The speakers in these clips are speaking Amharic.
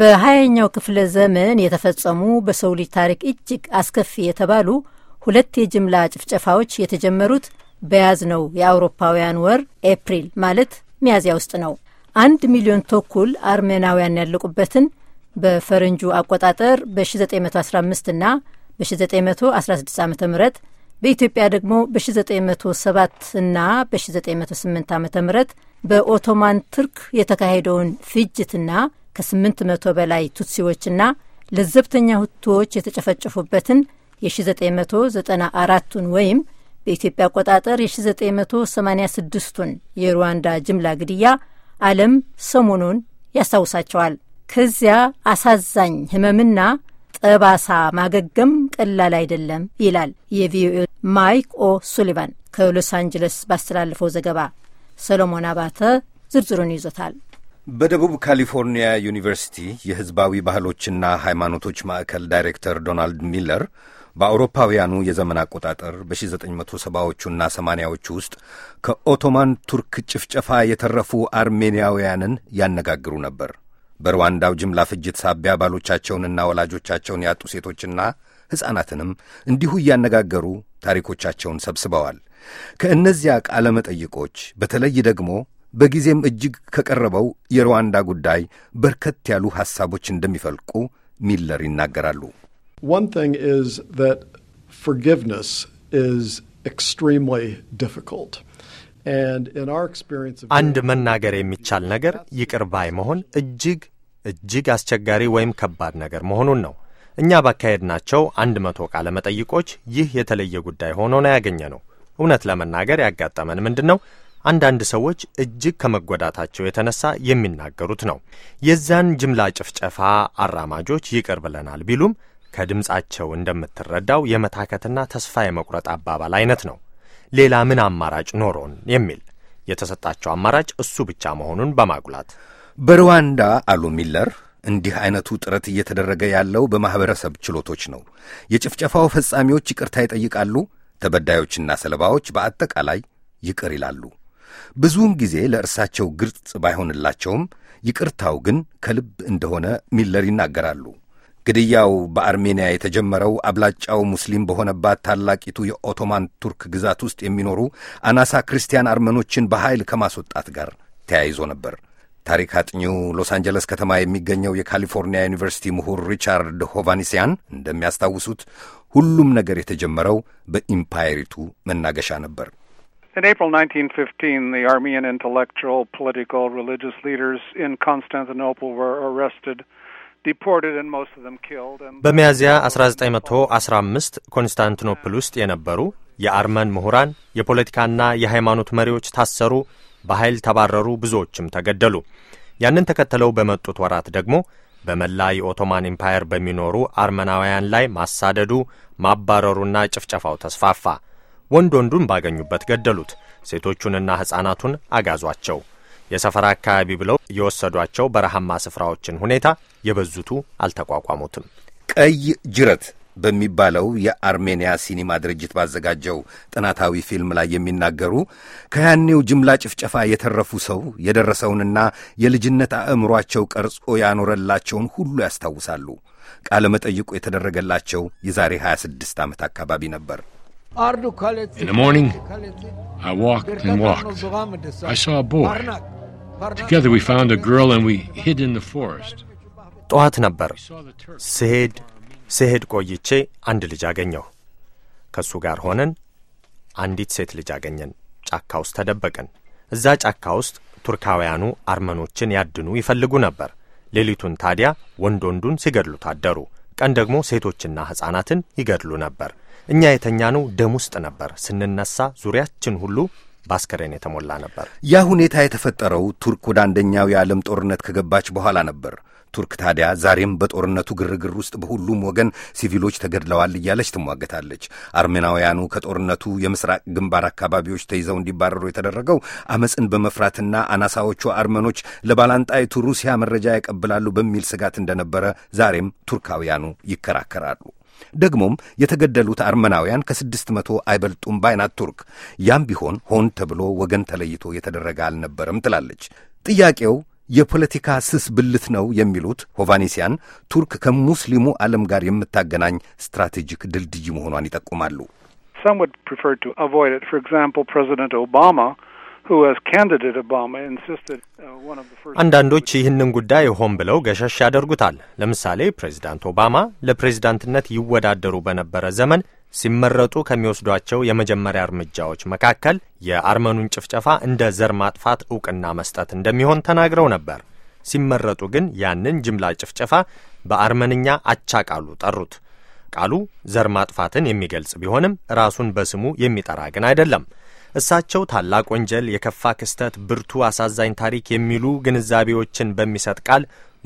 በሀያኛው ክፍለ ዘመን የተፈጸሙ በሰው ልጅ ታሪክ እጅግ አስከፊ የተባሉ ሁለት የጅምላ ጭፍጨፋዎች የተጀመሩት በያዝ ነው የአውሮፓውያን ወር ኤፕሪል ማለት ሚያዝያ ውስጥ ነው። አንድ ሚሊዮን ተኩል አርሜናውያን ያለቁበትን በፈረንጁ አቆጣጠር በ1915 እና በ1916 ዓ ም በኢትዮጵያ ደግሞ በ1907 እና በ1908 ዓ ም በኦቶማን ትርክ የተካሄደውን ፍጅትና ከ መቶ በላይ ቱትሲዎችና ለዘብተኛ ሁቶዎች የተጨፈጨፉበትን የ1994ቱን ወይም በኢትዮጵያ አቆጣጠር የ1986ቱን የሩዋንዳ ጅምላ ግድያ ዓለም ሰሞኑን ያስታውሳቸዋል። ከዚያ አሳዛኝ ህመምና ጠባሳ ማገገም ቀላል አይደለም ይላል የቪኦኤ ማይክ ኦ ሱሊቫን ከሎስ አንጀለስ ባስተላለፈው ዘገባ። ሰሎሞን አባተ ዝርዝሩን ይዞታል። በደቡብ ካሊፎርኒያ ዩኒቨርሲቲ የሕዝባዊ ባህሎችና ሃይማኖቶች ማዕከል ዳይሬክተር ዶናልድ ሚለር በአውሮፓውያኑ የዘመን አቆጣጠር በ1970ዎቹና 8 ዎቹ ውስጥ ከኦቶማን ቱርክ ጭፍጨፋ የተረፉ አርሜንያውያንን ያነጋግሩ ነበር። በሩዋንዳው ጅምላ ፍጅት ሳቢያ ባሎቻቸውንና ወላጆቻቸውን ያጡ ሴቶችና ሕፃናትንም እንዲሁ እያነጋገሩ ታሪኮቻቸውን ሰብስበዋል። ከእነዚያ ቃለ መጠይቆች በተለይ ደግሞ በጊዜም እጅግ ከቀረበው የሩዋንዳ ጉዳይ በርከት ያሉ ሐሳቦች እንደሚፈልቁ ሚለር ይናገራሉ። አንድ መናገር የሚቻል ነገር ይቅር ባይ መሆን እጅግ እጅግ አስቸጋሪ ወይም ከባድ ነገር መሆኑን ነው። እኛ ባካሄድናቸው አንድ መቶ ቃለ መጠይቆች ይህ የተለየ ጉዳይ ሆኖ ነው ያገኘ ነው። እውነት ለመናገር ያጋጠመን ምንድን ነው? አንዳንድ ሰዎች እጅግ ከመጎዳታቸው የተነሳ የሚናገሩት ነው። የዚያን ጅምላ ጭፍጨፋ አራማጆች ይቅር ብለናል ቢሉም ከድምፃቸው እንደምትረዳው የመታከትና ተስፋ የመቁረጥ አባባል አይነት ነው። ሌላ ምን አማራጭ ኖሮን የሚል የተሰጣቸው አማራጭ እሱ ብቻ መሆኑን በማጉላት በሩዋንዳ አሉ ሚለር እንዲህ አይነቱ ጥረት እየተደረገ ያለው በማኅበረሰብ ችሎቶች ነው። የጭፍጨፋው ፈጻሚዎች ይቅርታ ይጠይቃሉ፣ ተበዳዮችና ሰለባዎች በአጠቃላይ ይቅር ይላሉ። ብዙውን ጊዜ ለእርሳቸው ግልጽ ባይሆንላቸውም ይቅርታው ግን ከልብ እንደሆነ ሚለር ይናገራሉ። ግድያው በአርሜንያ የተጀመረው አብላጫው ሙስሊም በሆነባት ታላቂቱ የኦቶማን ቱርክ ግዛት ውስጥ የሚኖሩ አናሳ ክርስቲያን አርመኖችን በኃይል ከማስወጣት ጋር ተያይዞ ነበር። ታሪክ አጥኚው ሎስ አንጀለስ ከተማ የሚገኘው የካሊፎርኒያ ዩኒቨርሲቲ ምሁር ሪቻርድ ሆቫኒሲያን እንደሚያስታውሱት ሁሉም ነገር የተጀመረው በኢምፓየሪቱ መናገሻ ነበር። In April 1915, the Armenian intellectual, political, religious leaders in Constantinople were arrested በሚያዝያ 1915 ኮንስታንቲኖፕል ውስጥ የነበሩ የአርመን ምሁራን፣ የፖለቲካና የሃይማኖት መሪዎች ታሰሩ፣ በኃይል ተባረሩ፣ ብዙዎችም ተገደሉ። ያንን ተከትለው በመጡት ወራት ደግሞ በመላ የኦቶማን ኢምፓየር በሚኖሩ አርመናውያን ላይ ማሳደዱ፣ ማባረሩና ጭፍጨፋው ተስፋፋ። ወንድ ወንዱን ባገኙበት ገደሉት። ሴቶቹንና ሕፃናቱን አጋዟቸው። የሰፈራ አካባቢ ብለው የወሰዷቸው በረሃማ ስፍራዎችን ሁኔታ የበዙቱ አልተቋቋሙትም። ቀይ ጅረት በሚባለው የአርሜንያ ሲኒማ ድርጅት ባዘጋጀው ጥናታዊ ፊልም ላይ የሚናገሩ ከያኔው ጅምላ ጭፍጨፋ የተረፉ ሰው የደረሰውንና የልጅነት አእምሯቸው ቀርጾ ያኖረላቸውን ሁሉ ያስታውሳሉ። ቃለ መጠይቁ የተደረገላቸው የዛሬ 26 ዓመት አካባቢ ነበር። In the morning, I walked and walked. I saw a boy. Together we found a girl and we hid in the forest. ጠዋት ነበር። ስሄድ ስሄድ ቆይቼ አንድ ልጅ አገኘሁ። ከእሱ ጋር ሆነን አንዲት ሴት ልጅ አገኘን። ጫካ ውስጥ ተደበቅን። እዛ ጫካ ውስጥ ቱርካውያኑ አርመኖችን ያድኑ ይፈልጉ ነበር። ሌሊቱን ታዲያ ወንድ ወንዱን ሲገድሉ ታደሩ። ቀን ደግሞ ሴቶችና ሕፃናትን ይገድሉ ነበር። እኛ የተኛነው ደም ውስጥ ነበር። ስንነሳ ዙሪያችን ሁሉ በአስከሬን የተሞላ ነበር። ያ ሁኔታ የተፈጠረው ቱርክ ወደ አንደኛው የዓለም ጦርነት ከገባች በኋላ ነበር። ቱርክ ታዲያ ዛሬም በጦርነቱ ግርግር ውስጥ በሁሉም ወገን ሲቪሎች ተገድለዋል እያለች ትሟገታለች። አርሜናውያኑ ከጦርነቱ የምስራቅ ግንባር አካባቢዎች ተይዘው እንዲባረሩ የተደረገው አመፅን በመፍራትና አናሳዎቹ አርመኖች ለባላንጣይቱ ሩሲያ መረጃ ያቀብላሉ በሚል ስጋት እንደነበረ ዛሬም ቱርካውያኑ ይከራከራሉ። ደግሞም የተገደሉት አርመናውያን ከስድስት መቶ አይበልጡም ባይናት ቱርክ። ያም ቢሆን ሆን ተብሎ ወገን ተለይቶ የተደረገ አልነበረም ትላለች። ጥያቄው የፖለቲካ ስስ ብልት ነው የሚሉት ሆቫኒሲያን ቱርክ ከሙስሊሙ ዓለም ጋር የምታገናኝ ስትራቴጂክ ድልድይ መሆኗን ይጠቁማሉ። Some would prefer to avoid it. For example, President Obama Uh, አንዳንዶች ይህንን ጉዳይ ሆን ብለው ገሸሽ ያደርጉታል። ለምሳሌ ፕሬዚዳንት ኦባማ ለፕሬዚዳንትነት ይወዳደሩ በነበረ ዘመን ሲመረጡ ከሚወስዷቸው የመጀመሪያ እርምጃዎች መካከል የአርመኑን ጭፍጨፋ እንደ ዘር ማጥፋት እውቅና መስጠት እንደሚሆን ተናግረው ነበር። ሲመረጡ ግን ያንን ጅምላ ጭፍጨፋ በአርመንኛ አቻ ቃሉ ጠሩት። ቃሉ ዘር ማጥፋትን የሚገልጽ ቢሆንም ራሱን በስሙ የሚጠራ ግን አይደለም። እሳቸው ታላቅ ወንጀል፣ የከፋ ክስተት፣ ብርቱ አሳዛኝ ታሪክ የሚሉ ግንዛቤዎችን በሚሰጥ ቃል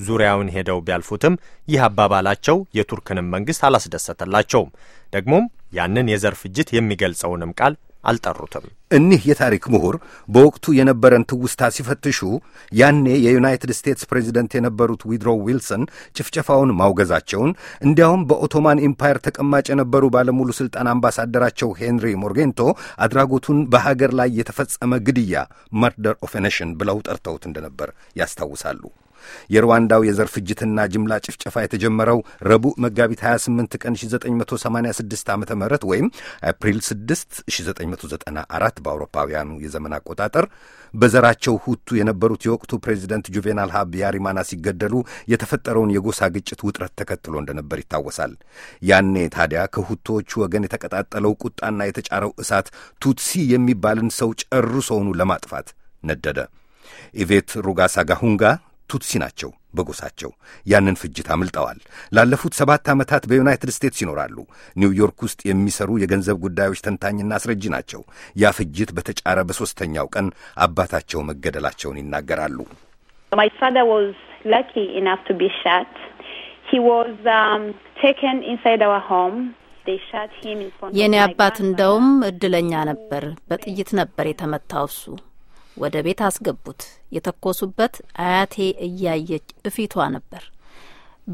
ዙሪያውን ሄደው ቢያልፉትም ይህ አባባላቸው የቱርክንም መንግስት አላስደሰተላቸውም። ደግሞም ያንን የዘር ፍጅት የሚገልጸውንም ቃል አልጠሩትም። እኒህ የታሪክ ምሁር በወቅቱ የነበረን ትውስታ ሲፈትሹ ያኔ የዩናይትድ ስቴትስ ፕሬዚደንት የነበሩት ዊድሮ ዊልሰን ጭፍጨፋውን ማውገዛቸውን እንዲያውም በኦቶማን ኤምፓየር ተቀማጭ የነበሩ ባለሙሉ ስልጣን አምባሳደራቸው ሄንሪ ሞርጌንቶ አድራጎቱን በሀገር ላይ የተፈጸመ ግድያ መርደር ኦፍ ኔሽን ብለው ጠርተውት እንደነበር ያስታውሳሉ። የሩዋንዳው የዘር ፍጅትና ጅምላ ጭፍጨፋ የተጀመረው ረቡዕ መጋቢት 28 ቀን 1986 ዓ ም ወይም አፕሪል 6 1994 በአውሮፓውያኑ የዘመን አቆጣጠር በዘራቸው ሁቱ የነበሩት የወቅቱ ፕሬዚደንት ጁቬናል ሀብያሪማና ሲገደሉ የተፈጠረውን የጎሳ ግጭት ውጥረት ተከትሎ እንደነበር ይታወሳል። ያኔ ታዲያ ከሁቶዎቹ ወገን የተቀጣጠለው ቁጣና የተጫረው እሳት ቱትሲ የሚባልን ሰው ጨርሶውኑ ለማጥፋት ነደደ። ኢቬት ሩጋሳጋሁንጋ ቱትሲ ናቸው በጎሳቸው። ያንን ፍጅት አምልጠዋል። ላለፉት ሰባት ዓመታት በዩናይትድ ስቴትስ ይኖራሉ። ኒውዮርክ ውስጥ የሚሰሩ የገንዘብ ጉዳዮች ተንታኝና አስረጂ ናቸው። ያ ፍጅት በተጫረ በሦስተኛው ቀን አባታቸው መገደላቸውን ይናገራሉ። um, የእኔ አባት እንደውም እድለኛ ነበር። በጥይት ነበር የተመታው እሱ ወደ ቤት አስገቡት። የተኮሱበት አያቴ እያየች እፊቷ ነበር።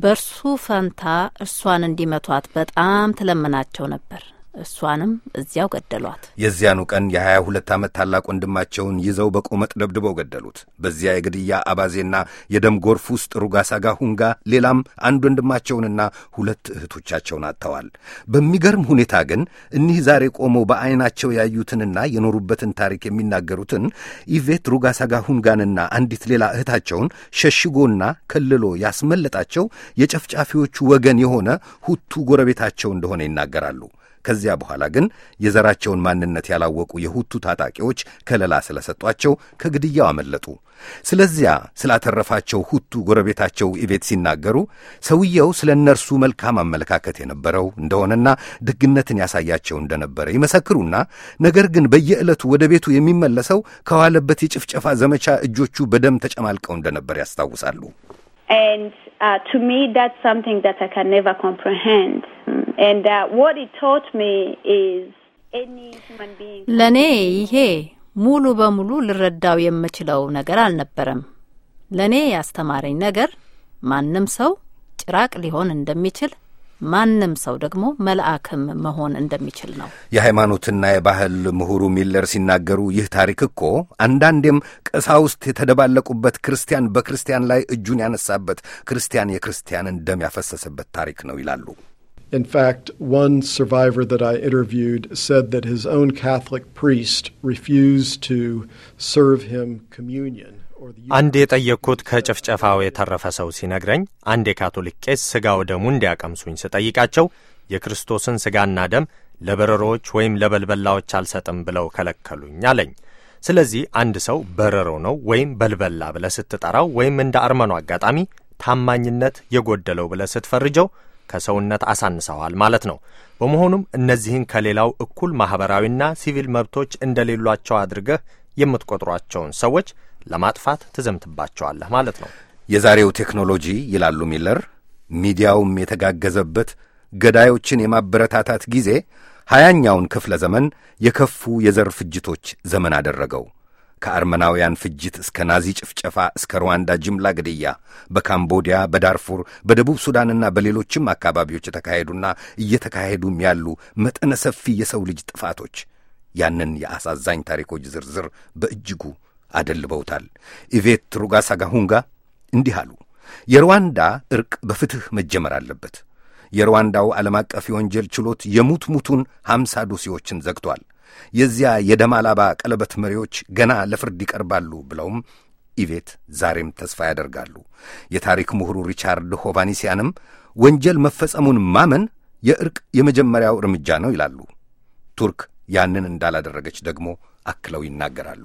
በእርሱ ፈንታ እርሷን እንዲመቷት በጣም ትለምናቸው ነበር። እሷንም እዚያው ገደሏት። የዚያኑ ቀን የሀያ ሁለት ዓመት ታላቅ ወንድማቸውን ይዘው በቁመጥ ደብድበው ገደሉት። በዚያ የግድያ አባዜና የደም ጎርፍ ውስጥ ሩጋሳጋ ሁንጋ ሌላም አንድ ወንድማቸውንና ሁለት እህቶቻቸውን አጥተዋል። በሚገርም ሁኔታ ግን እኒህ ዛሬ ቆመው በዐይናቸው ያዩትንና የኖሩበትን ታሪክ የሚናገሩትን ኢቬት ሩጋሳጋ ሁንጋንና አንዲት ሌላ እህታቸውን ሸሽጎና ከልሎ ያስመለጣቸው የጨፍጫፊዎቹ ወገን የሆነ ሁቱ ጎረቤታቸው እንደሆነ ይናገራሉ። ከዚያ በኋላ ግን የዘራቸውን ማንነት ያላወቁ የሁቱ ታጣቂዎች ከለላ ስለሰጧቸው ከግድያው አመለጡ። ስለዚያ ስላተረፋቸው ሁቱ ጎረቤታቸው ኢቤት ሲናገሩ ሰውየው ስለ እነርሱ መልካም አመለካከት የነበረው እንደሆነና ደግነትን ያሳያቸው እንደነበረ ይመሰክሩና ነገር ግን በየዕለቱ ወደ ቤቱ የሚመለሰው ከዋለበት የጭፍጨፋ ዘመቻ እጆቹ በደም ተጨማልቀው እንደነበር ያስታውሳሉ። uh, to me, that's something that I can never comprehend. And uh, what it taught me is any human being. ለእኔ ይሄ ሙሉ በሙሉ ልረዳው የምችለው ነገር አልነበረም። ለእኔ ያስተማረኝ ነገር ማንም ሰው ጭራቅ ሊሆን እንደሚችል ማንም ሰው ደግሞ መልአክም መሆን እንደሚችል ነው። የሃይማኖትና የባህል ምሁሩ ሚለር ሲናገሩ ይህ ታሪክ እኮ አንዳንዴም ቀሳውስት የተደባለቁበት፣ ክርስቲያን በክርስቲያን ላይ እጁን ያነሳበት፣ ክርስቲያን የክርስቲያንን ደም ያፈሰሰበት ታሪክ ነው ይላሉ። In fact, one survivor that I interviewed said that his own Catholic priest refused to serve him communion. አንድ የጠየቅኩት ከጭፍጨፋው የተረፈ ሰው ሲነግረኝ አንድ የካቶሊክ ቄስ ሥጋ ደሙ እንዲያቀምሱኝ ስጠይቃቸው የክርስቶስን ሥጋና ደም ለበረሮዎች ወይም ለበልበላዎች አልሰጥም ብለው ከለከሉኝ አለኝ። ስለዚህ አንድ ሰው በረሮ ነው ወይም በልበላ ብለ ስትጠራው ወይም እንደ አርመኖ አጋጣሚ ታማኝነት የጎደለው ብለ ስትፈርጀው ከሰውነት አሳንሰዋል ማለት ነው። በመሆኑም እነዚህን ከሌላው እኩል ማኅበራዊና ሲቪል መብቶች እንደሌሏቸው አድርገህ የምትቆጥሯቸውን ሰዎች ለማጥፋት ትዘምትባቸዋለህ ማለት ነው። የዛሬው ቴክኖሎጂ ይላሉ ሚለር፣ ሚዲያውም የተጋገዘበት ገዳዮችን የማበረታታት ጊዜ ሀያኛውን ክፍለ ዘመን የከፉ የዘር ፍጅቶች ዘመን አደረገው። ከአርመናውያን ፍጅት እስከ ናዚ ጭፍጨፋ፣ እስከ ሩዋንዳ ጅምላ ግድያ በካምቦዲያ፣ በዳርፉር፣ በደቡብ ሱዳንና በሌሎችም አካባቢዎች የተካሄዱና እየተካሄዱም ያሉ መጠነ ሰፊ የሰው ልጅ ጥፋቶች ያንን የአሳዛኝ ታሪኮች ዝርዝር በእጅጉ አደልበውታል። ኢቬት ሩጋሳጋሁንጋ እንዲህ አሉ። የሩዋንዳ እርቅ በፍትሕ መጀመር አለበት። የሩዋንዳው ዓለም አቀፍ የወንጀል ችሎት የሙት ሙቱን ሀምሳ ዶሴዎችን ዘግቷል። የዚያ የደም አላባ ቀለበት መሪዎች ገና ለፍርድ ይቀርባሉ ብለውም ኢቬት ዛሬም ተስፋ ያደርጋሉ። የታሪክ ምሁሩ ሪቻርድ ሆቫኒሲያንም ወንጀል መፈጸሙን ማመን የእርቅ የመጀመሪያው እርምጃ ነው ይላሉ። ቱርክ ያንን እንዳላደረገች ደግሞ አክለው ይናገራሉ።